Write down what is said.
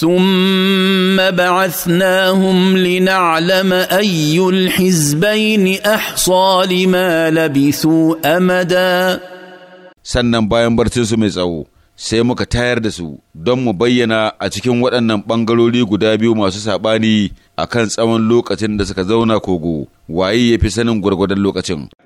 ثم بعثناهم لنعلم اي الحزبين احصى لما لبثوا امدا sannan bayan barcinsu mai tsawo sai muka tayar da su don mu bayyana a cikin waɗannan ɓangarori guda biyu masu saɓani a kan tsawon lokacin da suka zauna kogo waye ya fi sanin gwargwadon lokacin